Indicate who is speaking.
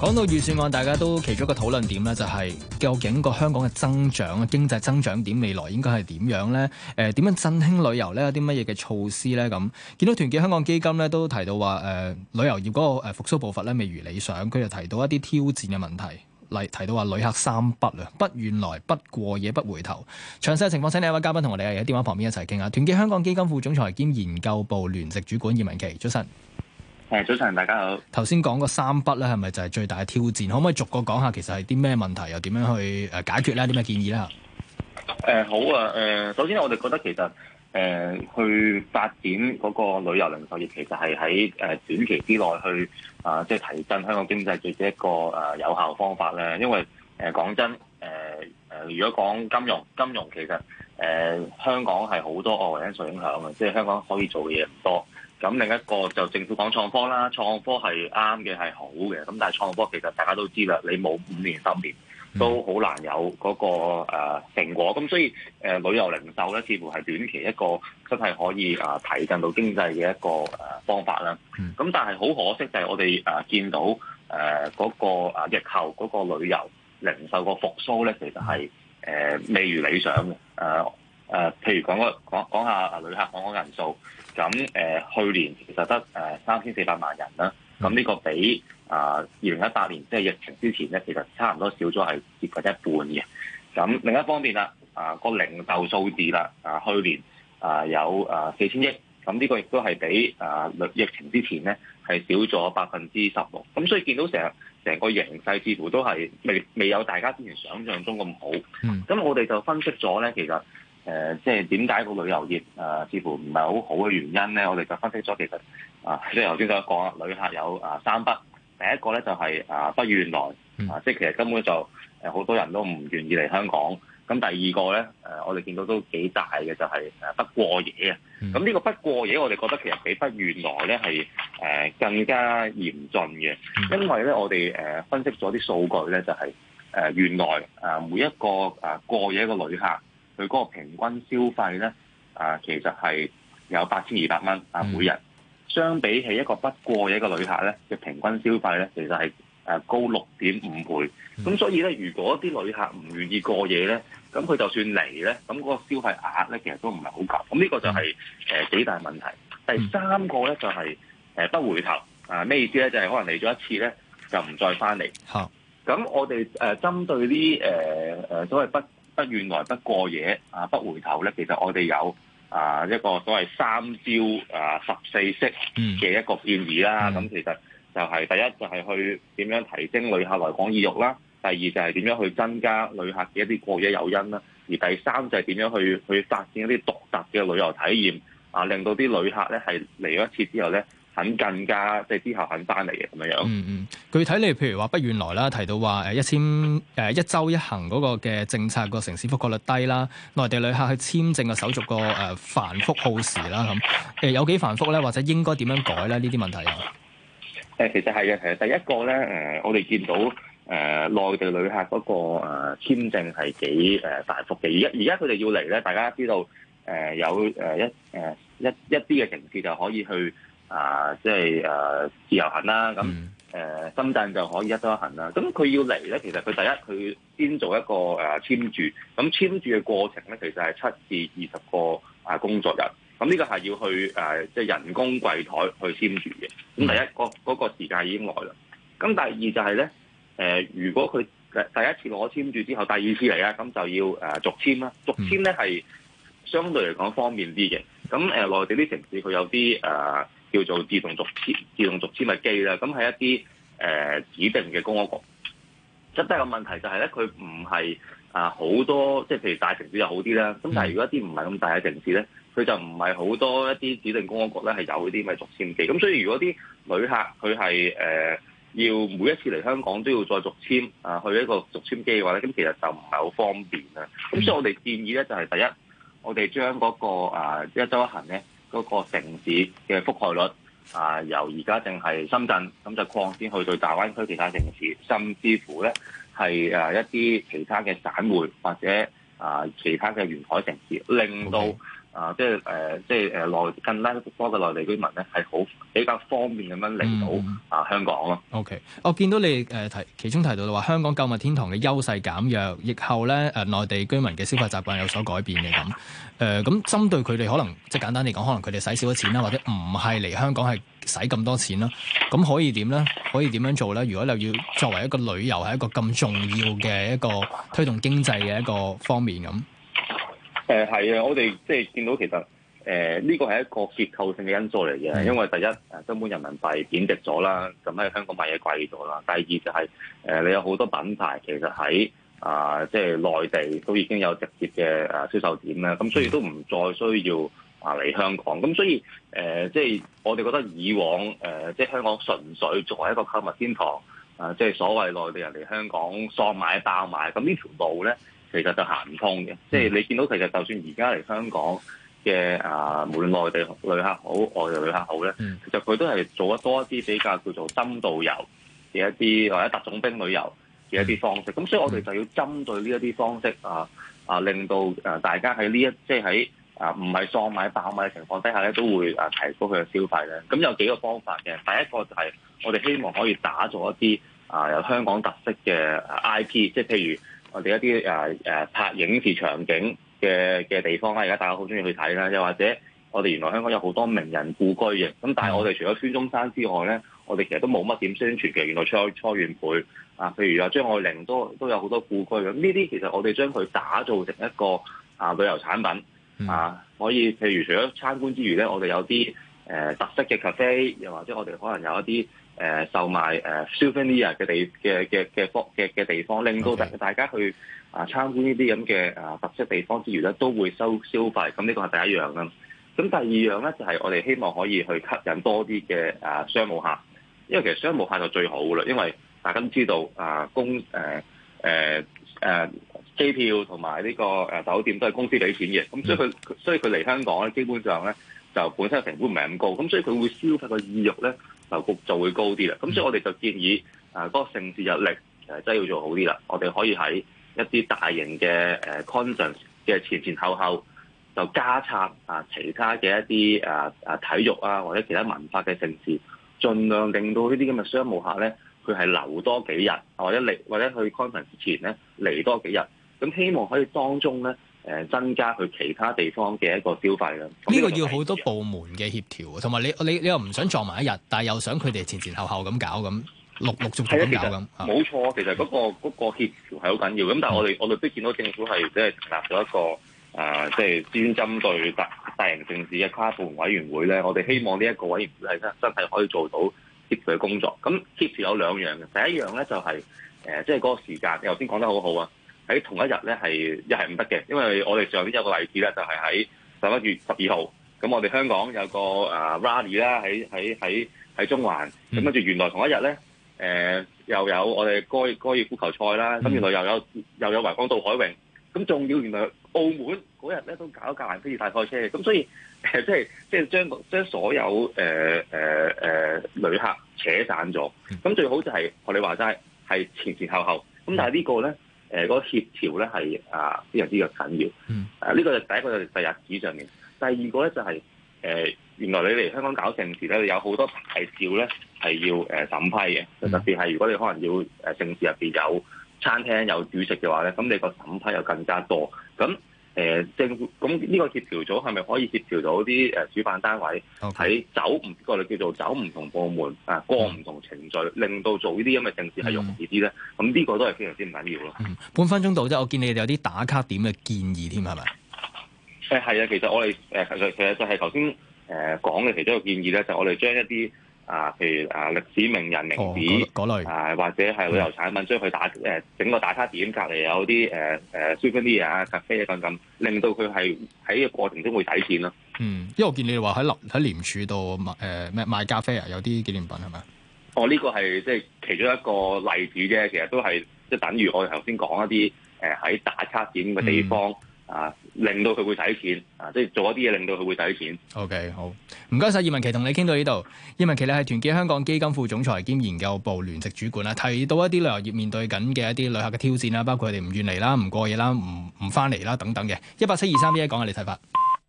Speaker 1: 講到預算案，大家都其中一個討論點咧，就係究竟個香港嘅增長、經濟增長點未來應該係點樣呢？誒、呃，點樣振興旅遊呢？有啲乜嘢嘅措施呢？咁見到團結香港基金呢，都提到話，誒、呃，旅遊業嗰個誒復蘇步伐呢，未如理想，佢就提到一啲挑戰嘅問題，例提到話旅客三不啊，不願來、不過夜、不回頭。詳細嘅情況，請你一位嘉賓同我哋喺電話旁邊一齊傾下。團結香港基金副總裁兼研究部聯席主管葉文祺，早晨。
Speaker 2: 誒，早晨，大家
Speaker 1: 好。頭先講嗰三筆咧，係咪就係最大嘅挑戰？可唔可以逐個講下，其實係啲咩問題，又點樣去誒解決咧？啲咩建議咧？誒、
Speaker 2: 呃，好啊。誒、呃，首先我哋覺得其實誒、呃，去發展嗰個旅遊零售業，其實係喺誒短期之內去啊，即、呃、係、就是、提振香港經濟嘅一個誒有效方法咧。因為誒，講、呃、真，誒、呃、誒、呃，如果講金融，金融其實。誒、呃、香港係好多外圍、哦、因素影響嘅，即係香港可以做嘅嘢唔多。咁另一個就政府講創科啦，創科係啱嘅，係好嘅。咁但係創科其實大家都知啦，你冇五年十年都好難有嗰個成果。咁所以誒、呃、旅遊零售咧，似乎係短期一個真係可以誒提振到經濟嘅一個方法啦。咁但係好可惜就係我哋誒、啊、見到誒嗰、啊那個疫後嗰、那個旅遊零售個復甦咧，其實係。誒未、啊、如理想嘅，誒、啊、誒，譬、啊、如講個講講下旅客訪港人數，咁誒、啊、去年其實得誒三千四百萬人啦，咁呢個比啊二零一八年即係、就是、疫情之前咧，其實差唔多少咗係接近一半嘅。咁另一方面啦，啊個零售數字啦，啊去年啊有啊四千億，咁呢個亦都係比啊疫情之前咧係少咗百分之十六，咁所以見到成日。成個形勢似乎都係未未有大家之前想像中咁好，咁我哋就分析咗咧，其實誒即係點解個旅遊業誒、呃、似乎唔係好好嘅原因咧？我哋就分析咗其實啊，即係頭先就講、是、旅客有啊三不，第一個咧就係、是、啊不願來啊，即係其實根本就誒好、呃、多人都唔願意嚟香港。咁第二個咧，誒我哋見到都幾大嘅，就係誒不過夜啊。咁呢個不過夜，我哋覺得其實比不原來咧係更加嚴峻嘅，因為咧我哋分析咗啲數據咧，就係誒原來每一個誒過夜嘅旅客，佢嗰個平均消費咧其實係有八千二百蚊啊每日，相比起一個不過夜嘅旅客咧嘅平均消費咧，其實係，誒高六點五倍，咁所以咧，如果啲旅客唔願意過夜咧，咁佢就算嚟咧，咁嗰個消費額咧，其實都唔係好夠，咁呢個就係、是、誒、嗯呃、幾大問題。第三個咧就係、是、誒、呃、不回頭，啊，咩意思咧？就係、是、可能嚟咗一次咧，就唔再翻嚟。嚇好！咁我哋誒、呃、針對呢誒誒所謂不不願來不過夜啊不回頭咧，其實我哋有啊一個所謂三招啊十四式嘅一個建議啦。咁、嗯嗯啊、其實。就係第一就係去點樣提升旅客來港意欲啦；第二就係點樣去增加旅客嘅一啲過夜誘因啦；而第三就係點樣去去發展一啲獨特嘅旅遊體驗啊，令到啲旅客咧係嚟咗一次之後咧，肯更加即係、就是、之後肯翻嚟嘅咁樣樣。嗯
Speaker 1: 嗯，具體你譬如話不遠來啦，提到話誒一簽誒一週一行嗰個嘅政策個城市覆蓋率低啦，內地旅客去簽證嘅手續個誒繁複耗時啦，咁誒有幾繁複咧？或者應該點樣改咧？呢啲問題。
Speaker 2: 誒，其實係嘅，係啊！第一個咧，誒，我哋見到誒、呃、內地旅客嗰、那個誒、呃、簽證係幾、呃、大幅嘅。而家而家佢哋要嚟咧，大家知道誒、呃、有誒、呃、一誒一一啲嘅城市就可以去啊，即係誒自由行啦。咁誒、呃、深圳就可以一簽多行啦。咁佢要嚟咧，其實佢第一佢先做一個誒、啊、簽注，咁簽注嘅過程咧，其實係七至二十個啊工作日。咁呢個係要去誒，即、呃、係、就是、人工櫃台去簽注嘅。咁第一、那個嗰、那個時間已經來啦。咁第二就係咧，誒、呃、如果佢第一次攞簽注之後，第二次嚟呀，咁就要誒續簽啦。續簽咧係相對嚟講方便啲嘅。咁誒、呃、內地啲城市佢有啲誒、呃、叫做自動續簽自動續簽嘅機啦。咁喺一啲誒、呃、指定嘅公安局。咁但係個問題就係咧，佢唔係。啊，好多即係譬如大城市就好啲啦，咁但係如果一啲唔係咁大嘅城市咧，佢就唔係好多一啲指定公安局咧係有啲咪嘅續簽機，咁所以如果啲旅客佢係誒要每一次嚟香港都要再續簽啊，去一個續簽機嘅話咧，咁其實就唔係好方便啊，咁所以我哋建議咧就係第一，我哋將嗰個啊一周一行咧嗰個城市嘅覆蓋率啊，由而家淨係深圳，咁就擴先去到大灣區其他城市，甚至乎咧。係誒一啲其他嘅展會，或者啊、呃、其他嘅沿海城市，令到。啊，即係誒，即係誒內更拉多嘅內地居民咧，
Speaker 1: 係好比較方便咁樣嚟到、嗯、啊香港咯。O、okay. K，我見到你誒提、呃、其中提到話香港購物天堂嘅優勢減弱，疫後咧誒、呃、內地居民嘅消費習慣有所改變嘅咁。誒、呃、咁針對佢哋可能即係簡單嚟講，可能佢哋使少咗錢啦，或者唔係嚟香港係使咁多錢啦。咁可以點咧？可以點樣做咧？如果你要作為一個旅遊係一個咁重要嘅一個推動經濟嘅一個方面咁。
Speaker 2: 誒係啊，我哋即係見到其實誒呢個係一個結構性嘅因素嚟嘅，因為第一誒根本人民幣貶值咗啦，咁喺香港買嘢貴咗啦。第二就係、是、誒、呃、你有好多品牌其實喺啊即係內地都已經有直接嘅誒銷售點啦，咁所以都唔再需要啊嚟香港。咁所以誒即係我哋覺得以往誒即係香港純粹作為一個購物天堂啊，即、呃、係、就是、所謂內地人嚟香港喪買爆買，咁呢條路咧。其實就行唔通嘅，即、就、係、是、你見到其實就算而家嚟香港嘅啊，無論內地旅客好，外地旅客好咧，嗯、其實佢都係做得多一啲比較叫做深度遊嘅一啲，或者特種兵旅遊嘅一啲方式。咁、嗯、所以我哋就要針對呢一啲方式啊啊，令到大家喺呢一即係喺啊唔係喪買爆買嘅情況底下咧，都會啊提高佢嘅消費咧。咁有幾個方法嘅，第一個就係我哋希望可以打造一啲啊有香港特色嘅 IP，即係譬如。我哋一啲誒誒拍影視場景嘅嘅地方啦，而、啊、家大家好鍾意去睇啦，又或者我哋原來香港有好多名人故居嘅，咁但係我哋除咗孫中山之外咧，我哋其實都冇乜點宣傳嘅。原來初初元培啊，譬如話張愛玲都都有好多故居咁，呢啲其實我哋將佢打造成一個啊旅遊產品啊，可以譬如除咗參觀之餘咧，我哋有啲誒、呃、特色嘅 cafe，又或者我哋可能有一啲。誒、呃、售賣誒 souvenir 嘅地嘅嘅嘅方嘅嘅地方，令到大大家去啊參觀呢啲咁嘅啊特色地方之餘咧，都會收消費。咁呢個係第一樣啦。咁第二樣咧就係、是、我哋希望可以去吸引多啲嘅啊商務客，因為其實商務客就最好啦，因為大家都知道啊公誒誒誒機票同埋呢個誒酒店都係公司俾錢嘅，咁所以佢 所以佢嚟香港咧，基本上咧就本身成本唔係咁高，咁所以佢會消費個意欲咧。樓就會高啲啦，咁所以我哋就建議誒嗰個盛事日曆誒真係要做好啲啦，我哋可以喺一啲大型嘅誒 conference 嘅前前後後就加插啊其他嘅一啲誒誒體育啊或者其他文化嘅盛事，盡量令到呢啲咁嘅商務客咧佢係留多幾日，或者嚟或者去 conference 前咧嚟多幾日，咁希望可以當中咧。誒、呃、增加佢其他地方嘅一個消費啦，呢
Speaker 1: 個要好多部門嘅協調啊，同埋你你你又唔想撞埋一日，但係又想佢哋前前後後咁搞咁，陸陸續續咁搞咁，冇
Speaker 2: 錯，其實嗰個嗰個協調係好緊要嘅。咁但係我哋我哋都見到政府係即係成立咗一個誒，即係專針對大大型城市嘅跨部門委員會咧。我哋希望呢一個委員會係真真係可以做到協調嘅工作。咁協調有兩樣嘅，第一樣咧就係、是、誒，即係嗰個時間，你頭先講得好好啊。喺同一日咧，係一係唔得嘅，因為我哋上邊有一個例子咧，就係喺十一月十二號，咁我哋香港有個啊 rally 啦，喺喺喺喺中環，咁跟住原來同一日咧，誒、呃、又有我哋哥哥爾夫球賽啦，咁原來又有、嗯、又有維港渡海泳，咁仲要原來澳門嗰日咧都搞格蘭披治大賽車，咁所以即係即係將將所有誒誒誒旅客扯散咗，咁最好就係、是、學你話齋係前前後後，咁但係呢個咧。誒嗰個協調咧係啊非常之嘅緊要，誒呢、嗯啊呢個就第一個就係日子上面，第二個咧就係、是、誒、呃、原來你嚟香港搞盛事咧，你有好多牌照咧係要誒審批嘅，嗯、特別係如果你可能要誒盛事入面有餐廳有煮食嘅話咧，咁你個審批又更加多，咁。誒政府咁呢個協調組係咪可以協調到啲誒主辦單位睇走唔過嚟叫做走唔同部門啊過唔同程序，令到做呢啲咁嘅政治係容易啲咧？咁呢、嗯、個都係非常之唔緊要咯。
Speaker 1: 半分鐘到即我見你哋有啲打卡點嘅建議添係咪？
Speaker 2: 誒係啊，其實我哋誒其實其實就係頭先誒講嘅其中一個建議咧，就係、我哋將一啲。啊，譬如啊，歷史名人名字，嗰、哦、類啊，或者係旅遊產品，將佢、嗯、打誒、呃、整個打卡點隔離有啲誒誒 s u 啊咖啡啊等等，令到佢係喺個過程中會抵錢咯。嗯，因
Speaker 1: 為我見你哋話喺廉喺廉署度賣咩、呃、賣咖啡啊，有啲紀念品係咪？
Speaker 2: 是哦，呢、這個係即係其中一個例子啫，其實都係即係等於我哋頭先講一啲誒喺打卡點嘅地方。嗯啊，令到佢會使錢啊，即係做一啲嘢令到佢會使錢。
Speaker 1: OK，好，唔該晒。葉文祺同你傾到呢度。葉文祺咧係團結香港基金副總裁兼研究部聯席主管啦，提到一啲旅遊業面對緊嘅一啲旅客嘅挑戰啦，包括佢哋唔願嚟啦、唔過夜啦、唔唔翻嚟啦等等嘅。一八七二三一講下你睇法。